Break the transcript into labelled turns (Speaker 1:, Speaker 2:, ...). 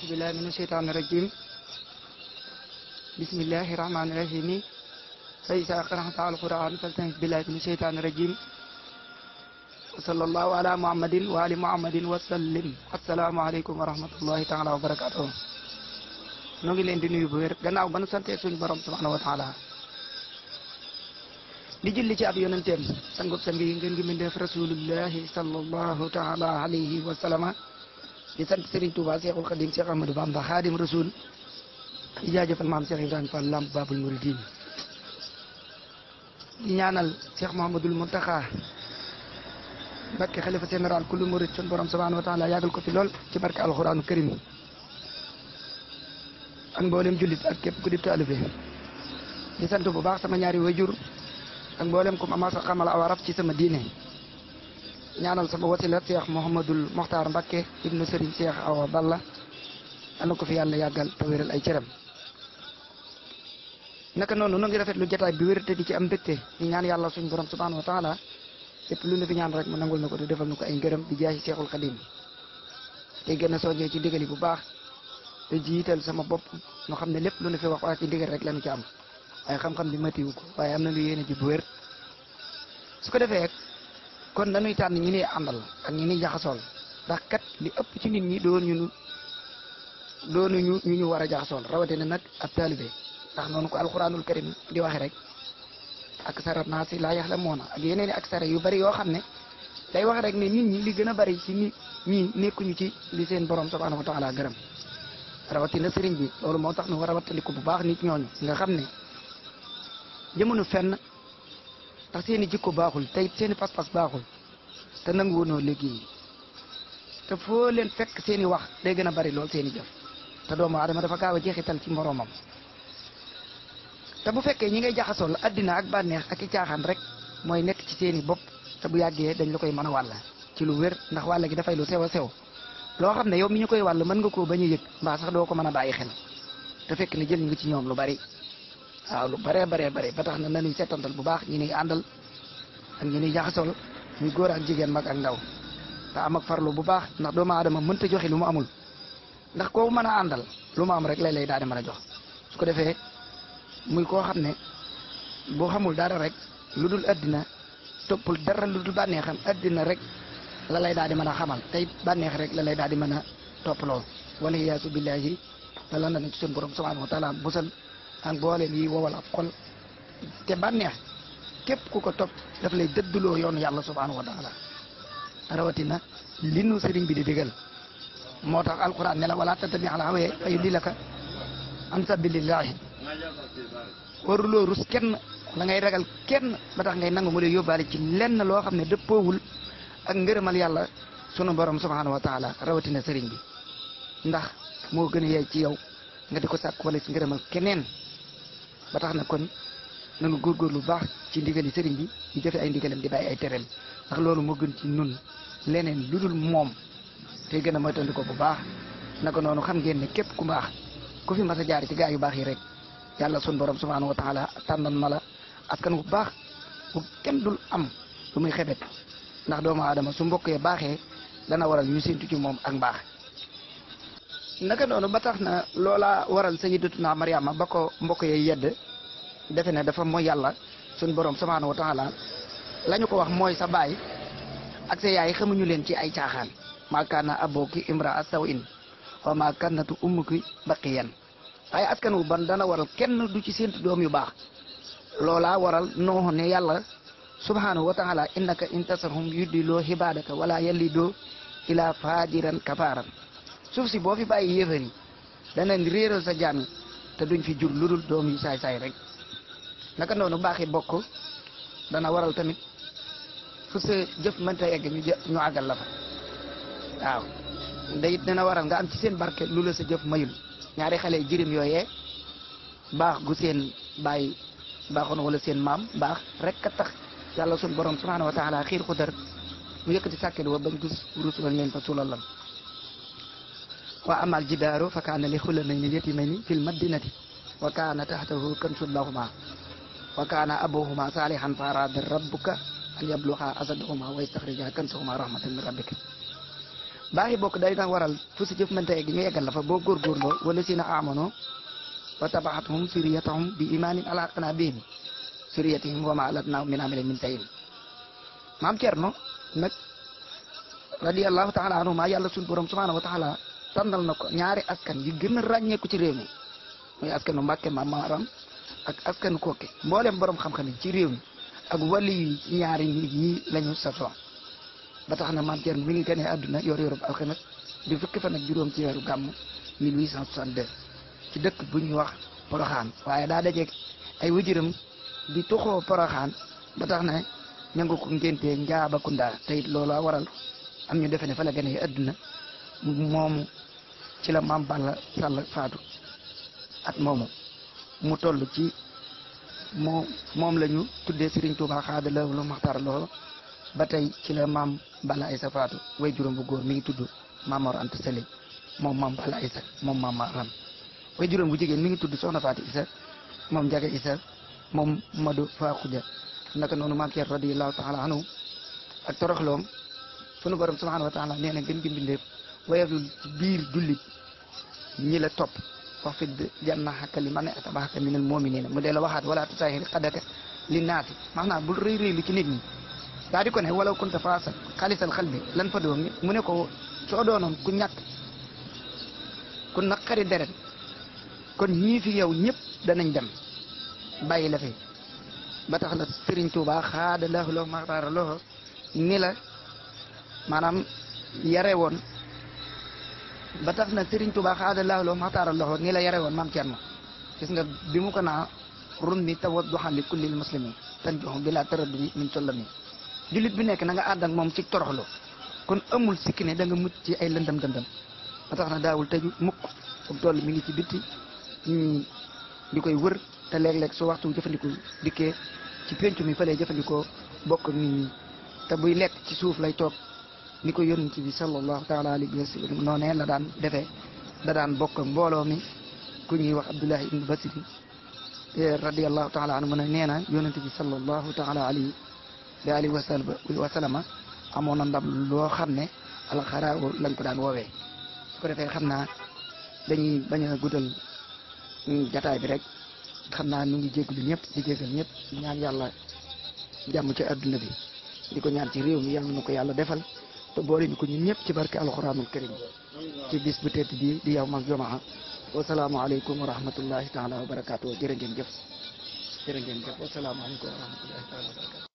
Speaker 1: أعوذ بالله من الشيطان الرجيم بسم الله الرحمن الرحيم فإذا قرأت القرآن فاستعذ بالله من الشيطان الرجيم وصلى الله على محمد وآل محمد وسلم السلام عليكم ورحمة الله تعالى وبركاته noo ngi leen di nuyu bu wér gannaaw ba nu sante suñu borom subhanahu wa taala di julli ci ab yonenteem sangub sangi ngeen ngi mindeef rasulullahi sallallahu taala alayhi wa sallama di sant Serigne Touba Cheikhul Khadim Cheikh Ahmadou Bamba Khadim Rasoul di jaajëfal maam Cheikh Ibrahima Fall Lamp Babul Mouridine di ñaanal Cheikh Mouhamadoul Mountakha mu xalifa général kullu murid sun borom subhanahu wa taala yàggal ko fi lool ci barke alxuraanu karim ak mboolem jullit ak képp ku di taalibe di sant bu baax sama ñaari wayjur ak mboolem kum amaasa xamala awaraf ci sama diine ñaanal sama wasila cheikh mohamadul moxtaar mbakke ibnu serigne cheikh awa balla ana ko fi yalla yagal te wéral ay cëram naka noonu no ngi rafet lu jotaay bi wërte di ci am mbégte ni ñaan yalla suñu borom subhanahu wa taala lépp lu ne fi ñaan rek mu nangul nako defal na ay ngërëm di jaay cheikhul seexul xadim gëna soñe ci ndigal bu baax te jiital sama bop no xamne lepp lu ne fi wax ak ci rek lañu ci am ay xam-xam bi matiwu ko waaye am lu bu wër su ko defé kon dañuy tànn ñi nii àndal ak ñi nuy jaxasool ndax kat li ëpp ci nit ñi doo ñu doonu ñu ñu ñu war a jaxasool rawatina nag ab taalibe ndax noonu ko alxuraanul karim di waxe rek ak sarat naa si laa yaxla moo na yeneen i ak sara yu bari yoo xam ne day wax rek ne nit ñi li gën a bari ci nit ñi nekkuñu ci li seen borom subhaanahu wa taala gërëm rawatina sëriñ bi loolu moo tax nu war a wattaliku bu baax nit ñooñu nga xam ne jëmunu fenn ndax seen i jikko baaxul te seen i pas-pas baaxul te nangu woonoo liggéey te foo leen fekk seen i wax day gën a bari lool seen i te doomu aadama dafa gaaw a jeexital ci moroomam te bu fekkee ñi ngay jaxasool addina ak bànneex ak i caaxaan rek mooy nekk ci seeni bopp te bu yàggee dañ la koy mën a wàll ci lu wér ndax wàll gi dafay lu sew a sew loo xam ne yow mi ñu koy wàll mën nga koo bañ a yëg mbaa sax doo ko mën a bàyyi xel te fekk ne jël nga ci ñoom lu bari waaw lu baree baree bare ba tax na nañuy setantal bu baax ñi nuy àndal ak ñi nuy jaxasool muy góor ak jigéen mag ak ndaw te am ak farlu bu baax ndax doomu aadama mënta joxe lu mu amul ndax koo mën a àndal lu mu am rek lay lay daal di mën a jox su ko defee muy koo xam ne boo xamul dara rek lu dul addina toppul dara lu dul bànneexam addina rek la lay daal di mën a xamal tey bànneex rek la lay daal di mën a topp lool wala yaasu billahi te lan la ci suñu borom subhanahu wa taala musal naan boole lii wowal ab xol te bànneex képp ku ko topp daf lay dëdduloo yoonu yàlla subhanahu wa taala rawatina li sëriñ bi di digal moo tax alquran ne la wala tattabi al hawa fa yudillaka an sabilillahi waruloo rus kenn la ngay ragal kenn ba tax ngay nangu mu lay yóbbaale ci lenn loo xam ne dëppoowul ak ngërëmal yàlla sunu borom subhanahu wa rawatina sëriñ bi ndax moo gën a yey ci yow nga di ko sàkk wala ci ngërëmal keneen ba tax na kon nanu lu baax ci ndigali sëriñ bi ñu jëfe ay ndigalam di bàyyi ay tereem ndax loolu moo gën ci nun leneen lu dul moom te gën a moytandi ko bu baax naka noonu xam ngeen ne képp ku baax ku fi mas jaar ci gaa yu baax yi rek yàlla sun borom subhanahu wa taala tànnan na la askan bu baax bu kenn dul am lu muy xebet ndax doomu aadama su mbokkee baaxee dana waral ñu séentu ci moom ak mbaax naka noonu ba tax na loola waral sayyidatuna Mariama ba ko mbokk yee yedd defe ne dafa mooy yàlla suñ borom subhaanahu wa taala la ñu ko wax mooy sa baay ak sa yaay xamuñu leen ci ay caaxaan maa kaana abooki imraa sawin wa maa kaanatu ummuki baqiyan waaye askan wu ban dana waral kenn du ci séentu doom yu baax loola waral nooxu ne yàlla subhaanahu wa taala innaka intasarhum yuddiloo xibaadaka wala yallidoo ila faajiran kafaaran suuf si boo fi bàyyi yéefar yi danañ réeral sa jaam te duñ fi jur ludul doom yi saay-saay rek naka noonu baaxi bokk dana waral tamit fu sa jëf mënta egg ñu ñu àggal la fa waaw da dana waral nga am ci seen barke lu sa jëf mayul ñaari xale jirim yooyee baax gu seen bàyyi baaxoon wala seen maam baax rek ka tax yàlla sun borom subhanahu wa taala xiir xudar mu yëkkati sàkkeli wa bañ gis fa wa amal jidaaru fa kaana li xulamayni yatimayni fil madinati wa kaana taxtahu kansun lahuma wa kaana abuhuma saalihan fa araada rabbuka an yabluha asadahuma wa yastaxrija kansahuma rahmatan min rabbika baaxi bokk day tax waral fu si jëf mante gi nga yeggal la fa boo góorgóorloo wala si na amano wa tabaxatuhum suriyatahum bi imaanin ala qanaabihim suriyatihim wa ma alatnaa min amalin min sayin maam Cerno nag radiyallahu taala anhu ma yàlla suñ borom subhanahu wa taala tànnal na ko ñaari askan gi gën a ràññeeku ci réew mi muy askanu Mbàkke ma maaram ak askanu Koke mboolem boroom xam-xam yi ci réew mi ak wàllu yi ñaari nit ñi lañu sasoo ba tax na maam Thierno mi ngi gane àdduna yor yorub alxames di fukki fan ak juróom ci weeru gàmm 1862 ci dëkk bu ñuy wax Poroxaan waaye daa dajeeg ay wëjëram di tuxoo Poroxaan ba tax na ña nga ko ngéntee Njaabakunda te it loolu a waral am ñu defe ne fa la gane àdduna moom ci la mam Balla Sall faatu at momu mu tollu ci mom moom la ñu Serigne Touba xaada la lu makhtar loolu batay ci la mam Balla Issa faatu way juróom bu goor mi ngi tuddu Mamor Anta sele mom mam Balla Issa mom maam Maram way juróom bu jigen mi ngi tuddu sohna Faati isa mom jage isa mom Madu faqudja naka nonu maam Ceer radiyallahu taala anhu ak toroxlom sunu borom subhanahu wa taala neena gën gën gi ويزو بير جلد نيلا توب وفد جنة حكا لمن أتباهك من المؤمنين مدل واحد ولا تساهل قدك للناس معنى بل ريري لكنين داري كون ولو كنت فاسا خالص الخلب لن فدوهم منيكو شعدونهم كنيات كن نقري درن كن نيفي يو نيب دانن دم باي لفي باتخلا سرين توبا خاد الله لو مغتار الله نيلا معنى يريون ba tax na Serigne Touba xaadalaahu taaral xataarallahu nii la yare woon maam Thierno gis nga bi mu ko naa rummi tawadduhan li kullil muslimin tanjihum bila taraddudi min tollami jullit bi nekk na nga ànd moom ci toroxlu kon amul sikki ne da nga mucc ci ay lëndëm dëndëm ba tax na daawul te mukk ub toll mi ngi ci bitti di koy wër te léeg lekk su waxtu jëfandikoo dikkee ci pencu mi fa lay jëfandikoo bokk nit ñi te buy lekk ci suuf lay toog ni ko yonent bi sallallahu taala alayhi wa sallam noonee la daan defee la daan bokk ak mbooloo mi ku ñuy wax Abdullahi ibn Basri radiallahu taala anhu mu ne nee na yonent bi sallallahu taala alayhi wa alihi wa amoon na ndab loo xam ne alxaraaw lañ ko daan woowee ko defee xam naa dañuy bañ a guddal jataay bi rek xam naa ñu ngi jégalu ñëpp di jégal ñaan yàlla jàmm ci adduna bi di ko ñaan ci réew mi yàlla na ko yàlla defal te boole ñu ko ñëpp ci barke alxuraanul karim ci bis bu bi di yawmal jumaa wasalaamualeykum wa rahmatullahi taala wa barakaatu jërë ngeen jëf jërë ngeen jëf wasalaamualeykum wa